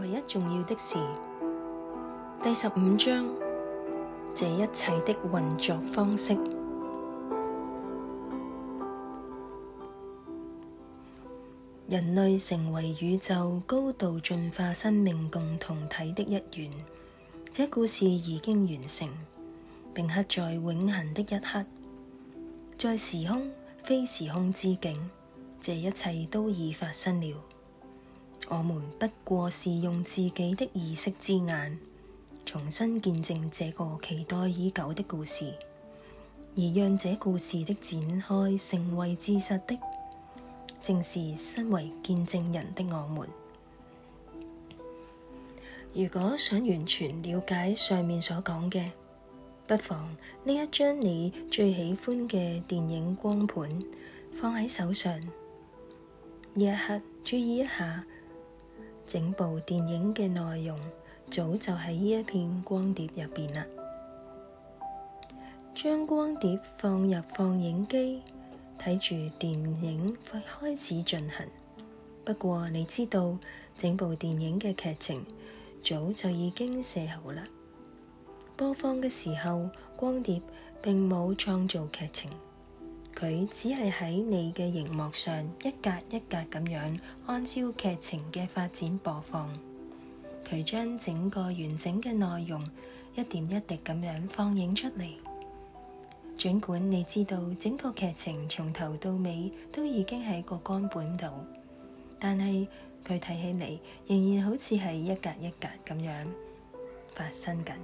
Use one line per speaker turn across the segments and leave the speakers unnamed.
唯一重要的事，第十五章，這一切的運作方式。人類成為宇宙高度進化生命共同體的一員，這故事已經完成，並刻在永恆的一刻，在時空、非時空之境，這一切都已發生了。我們不過是用自己的意識之眼，重新見證這個期待已久的故事，而讓這故事的展開成為事實的，正是身為見證人的我們。如果想完全了解上面所講嘅，不妨呢一張你最喜歡嘅電影光盤放喺手上，夜黑注意一下。整部電影嘅內容早就喺呢一片光碟入邊啦。將光碟放入放映機，睇住電影開始進行。不過你知道，整部電影嘅劇情早就已經寫好啦。播放嘅時候，光碟並冇創造劇情。佢只係喺你嘅熒幕上一格一格咁樣，按照劇情嘅發展播放。佢將整個完整嘅內容一點一滴咁樣放映出嚟。盡管你知道整個劇情從頭到尾都已經喺個干本度，但係佢睇起嚟仍然好似係一格一格咁樣發生緊。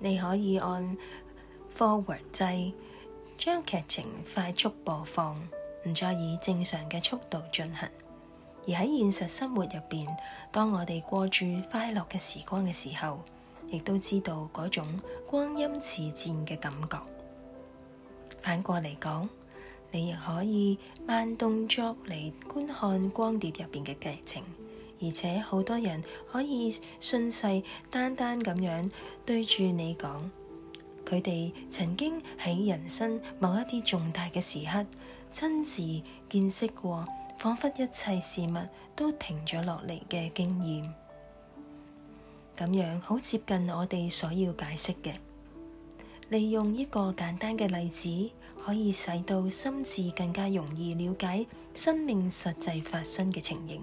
你可以按 forward 掣。將劇情快速播放，唔再以正常嘅速度進行。而喺現實生活入邊，當我哋過住快樂嘅時光嘅時候，亦都知道嗰種光陰似箭嘅感覺。反過嚟講，你亦可以慢動作嚟觀看光碟入邊嘅劇情，而且好多人可以信誓旦旦咁樣對住你講。佢哋曾經喺人生某一啲重大嘅時刻，親自見識過，仿佛一切事物都停咗落嚟嘅經驗。咁樣好接近我哋所要解釋嘅。利用呢個簡單嘅例子，可以使到心智更加容易了解生命實際發生嘅情形。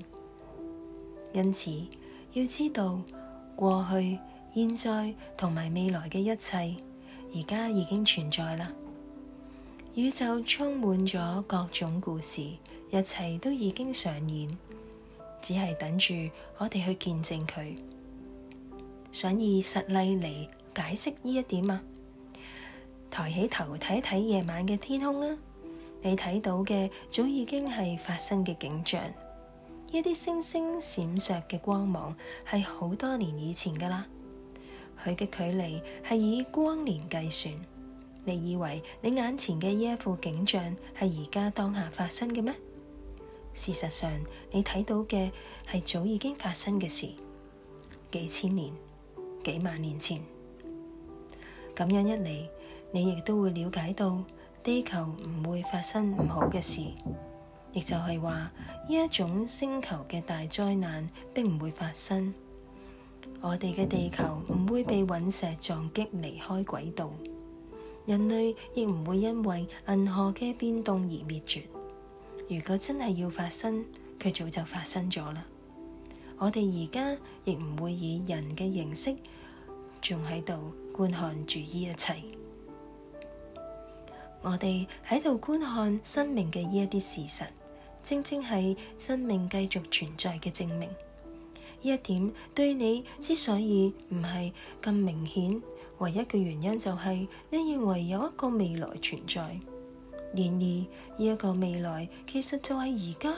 因此，要知道過去、現在同埋未來嘅一切。而家已經存在啦，宇宙充滿咗各種故事，一切都已經上演，只係等住我哋去見證佢。想以實例嚟解釋呢一點啊？抬起頭睇睇夜晚嘅天空啊，你睇到嘅早已經係發生嘅景象，呢啲星星閃爍嘅光芒係好多年以前噶啦。佢嘅距離係以光年計算。你以為你眼前嘅呢一副景象係而家當下發生嘅咩？事實上，你睇到嘅係早已經發生嘅事，幾千年、幾萬年前。咁樣一嚟，你亦都會了解到地球唔會發生唔好嘅事，亦就係話呢一種星球嘅大災難並唔會發生。我哋嘅地球唔會被隕石撞擊離開軌道，人類亦唔會因為銀河嘅變動而滅絕。如果真係要發生，佢早就發生咗啦。我哋而家亦唔會以人嘅形式，仲喺度觀看住呢一切。我哋喺度觀看生命嘅呢一啲事實，正正係生命繼續存在嘅證明。呢一點對你之所以唔係咁明顯，唯一嘅原因就係你認為有一個未來存在。然而呢一個未來其實就係而家。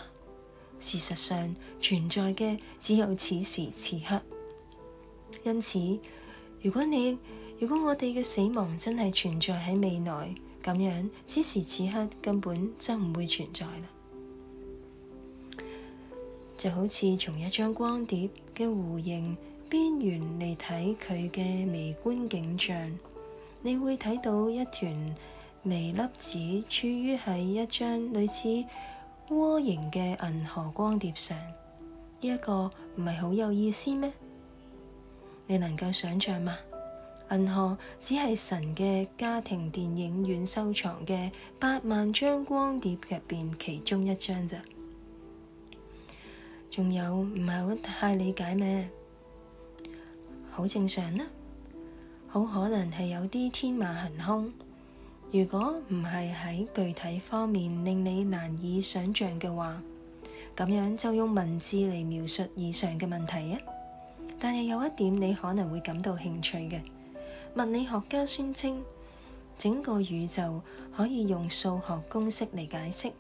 事實上存在嘅只有此時此刻。因此，如果你，如果我哋嘅死亡真係存在喺未來，咁樣此時此刻根本就唔會存在啦。就好似從一張光碟嘅弧形邊緣嚟睇佢嘅微觀景象，你會睇到一團微粒子處於喺一張類似窩形嘅銀河光碟上，呢一個唔係好有意思咩？你能夠想象嗎？銀河只係神嘅家庭電影院收藏嘅八萬張光碟入邊其中一張咋。仲有唔係好太理解咩？好正常啦，啊，好可能係有啲天馬行空。如果唔係喺具體方面令你難以想象嘅話，咁樣就用文字嚟描述以上嘅問題啊！但係有一點你可能會感到興趣嘅，物理學家宣稱整個宇宙可以用數學公式嚟解釋，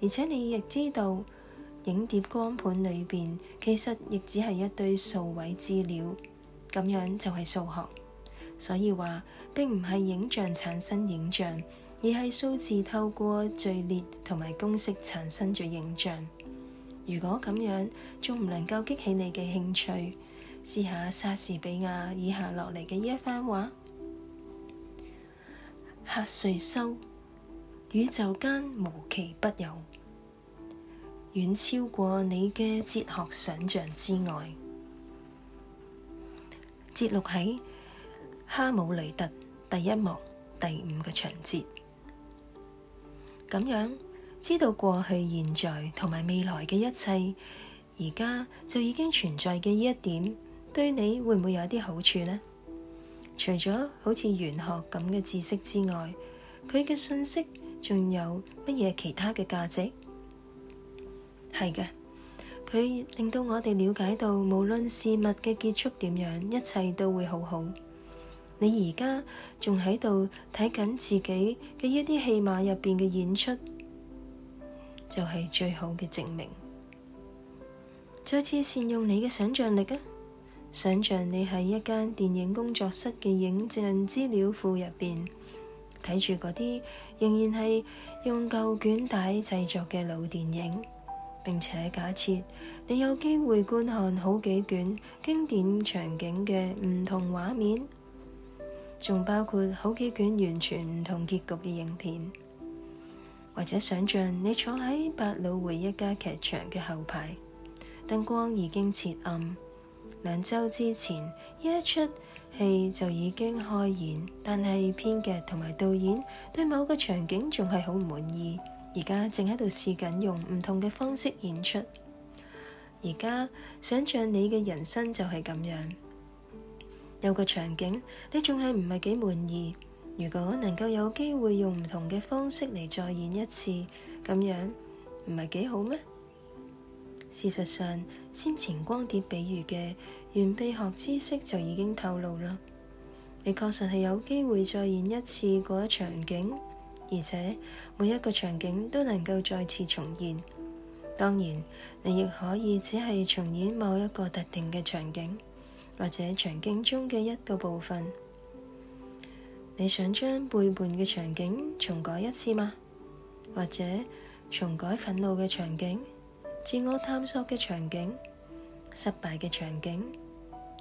而且你亦知道。影碟光盤裏邊其實亦只係一堆數位資料，咁樣就係數學。所以話，並唔係影像產生影像，而係數字透過序列同埋公式產生咗影像。如果咁樣仲唔能夠激起你嘅興趣，試下莎士比亞以下落嚟嘅呢一番話：赫瑞修，宇宙間無奇不有。遠超過你嘅哲學想象之外，節錄喺《哈姆雷特》第一幕第五個場節。咁樣知道過去、現在同埋未來嘅一切，而家就已經存在嘅呢一點，對你會唔會有啲好處呢？除咗好似玄學咁嘅知識之外，佢嘅信息仲有乜嘢其他嘅價值？係嘅，佢令到我哋了解到，無論事物嘅結束點樣，一切都會好好。你而家仲喺度睇緊自己嘅一啲戲碼入邊嘅演出，就係最好嘅證明。再次善用你嘅想象力啊！想象你喺一間電影工作室嘅影像資料庫入邊睇住嗰啲仍然係用舊卷帶製作嘅老電影。並且假設你有機會觀看好幾卷經典場景嘅唔同畫面，仲包括好幾卷完全唔同結局嘅影片，或者想象你坐喺百老匯一家劇場嘅後排，燈光已經切暗，兩周之前呢一出戲就已經開演，但係編劇同埋導演對某個場景仲係好唔滿意。而家正喺度試緊用唔同嘅方式演出。而家想像你嘅人生就係咁樣，有個場景，你仲係唔係幾滿意？如果能夠有機會用唔同嘅方式嚟再演一次，咁樣唔係幾好咩？事實上，先前光碟比喻嘅完備學知識就已經透露啦。你確實係有機會再演一次嗰一場景。而且每一個場景都能夠再次重現。當然，你亦可以只係重演某一個特定嘅場景，或者場景中嘅一個部分。你想將背叛嘅場景重改一次嗎？或者重改憤怒嘅場景、自我探索嘅場景、失敗嘅場景？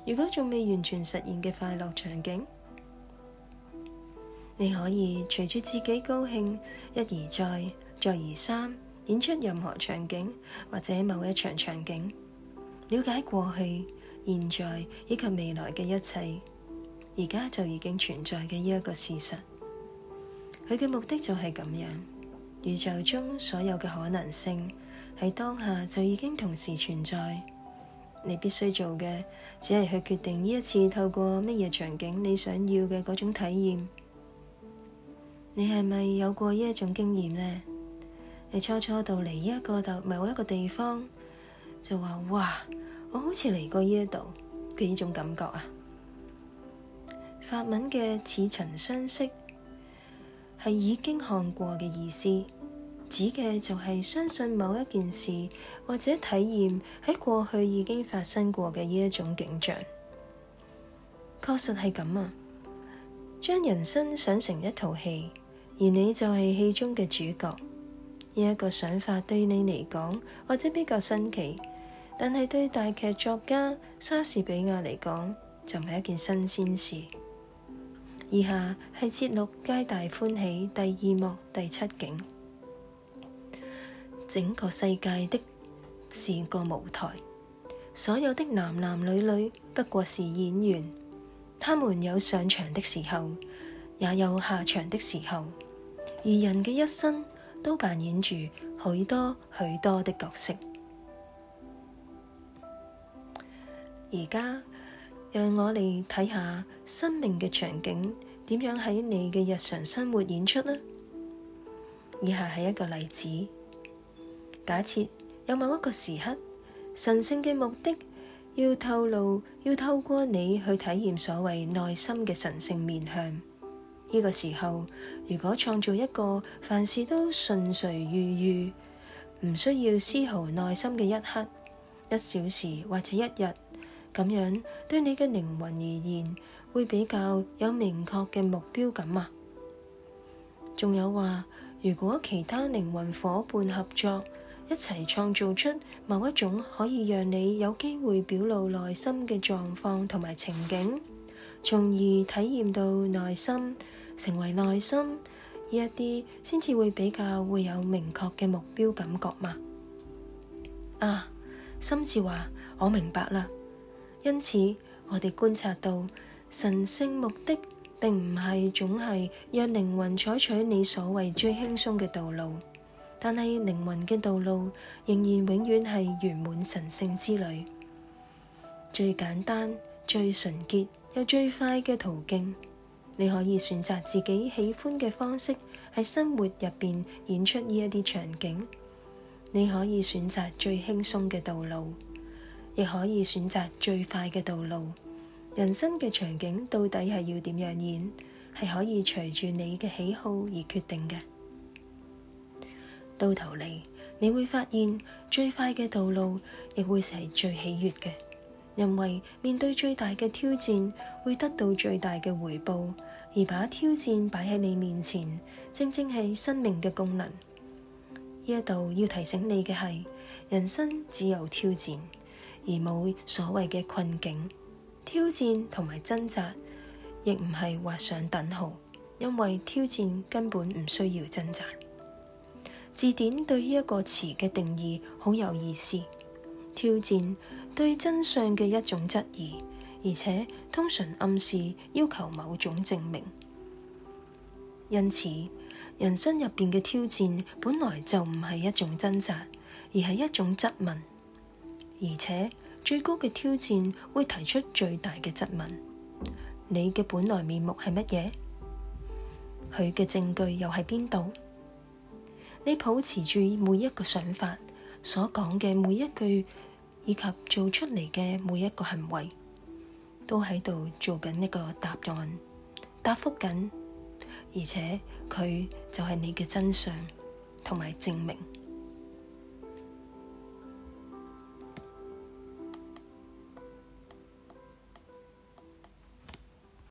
如果仲未完全實現嘅快樂場景？你可以隨住自己高興，一而再，再而三演出任何場景，或者某一場場景。了解過去、現在以及未來嘅一切，而家就已經存在嘅呢一個事實。佢嘅目的就係咁樣，宇宙中所有嘅可能性喺當下就已經同時存在。你必須做嘅只係去決定呢一次透過乜嘢場景，你想要嘅嗰種體驗。你係咪有過呢一種經驗呢？你初初到嚟呢一度，某一個地方，就話哇，我好似嚟過呢一度嘅呢種感覺啊！法文嘅似曾相識係已經看過嘅意思，指嘅就係相信某一件事或者體驗喺過去已經發生過嘅呢一種景象。確實係咁啊！將人生想成一套戲。而你就係戲中嘅主角，呢一個想法對你嚟講或者比較新奇，但係對大劇作家莎士比亞嚟講就唔係一件新鮮事。以下係節錄《皆大歡喜》第二幕第七景，整個世界的是個舞台，所有的男男女女不過是演員，他們有上場的時候，也有下場的時候。而人嘅一生都扮演住許多許多的角色。而家讓我哋睇下生命嘅場景點樣喺你嘅日常生活演出呢？以下係一個例子：假設有某一個時刻，神聖嘅目的要透露，要透過你去體驗所謂內心嘅神聖面向，呢個時候。如果創造一個凡事都順遂如意，唔需要絲毫耐心嘅一刻、一小時或者一日，咁樣對你嘅靈魂而言，會比較有明確嘅目標感。啊，仲有話，如果其他靈魂夥伴合作，一齊創造出某一種可以讓你有機會表露內心嘅狀況同埋情景，從而體驗到內心。成為內心呢一啲，先至會比較會有明確嘅目標感覺嘛？啊，心智話我明白啦。因此，我哋觀察到神聖目的，並唔係總係讓靈魂採取你所謂最輕鬆嘅道路，但係靈魂嘅道路仍然永遠係圓滿神聖之旅，最簡單、最純潔又最快嘅途徑。你可以選擇自己喜歡嘅方式喺生活入邊演出呢一啲場景。你可以選擇最輕鬆嘅道路，亦可以選擇最快嘅道路。人生嘅場景到底係要點樣演，係可以隨住你嘅喜好而決定嘅。到頭嚟，你會發現最快嘅道路亦會係最喜悦嘅。因為面對最大嘅挑戰，會得到最大嘅回報，而把挑戰擺喺你面前，正正係生命嘅功能。呢一度要提醒你嘅係，人生只有挑戰，而冇所謂嘅困境。挑戰同埋掙扎亦唔係劃上等號，因為挑戰根本唔需要掙扎。字典對於一個詞嘅定義好有意思，挑戰。對真相嘅一種質疑，而且通常暗示要求某種證明。因此，人生入邊嘅挑戰本來就唔係一種掙扎，而係一種質問。而且最高嘅挑戰會提出最大嘅質問：你嘅本來面目係乜嘢？佢嘅證據又喺邊度？你抱持住每一個想法所講嘅每一句。以及做出嚟嘅每一個行為，都喺度做緊一個答案，答復緊，而且佢就係你嘅真相同埋證明。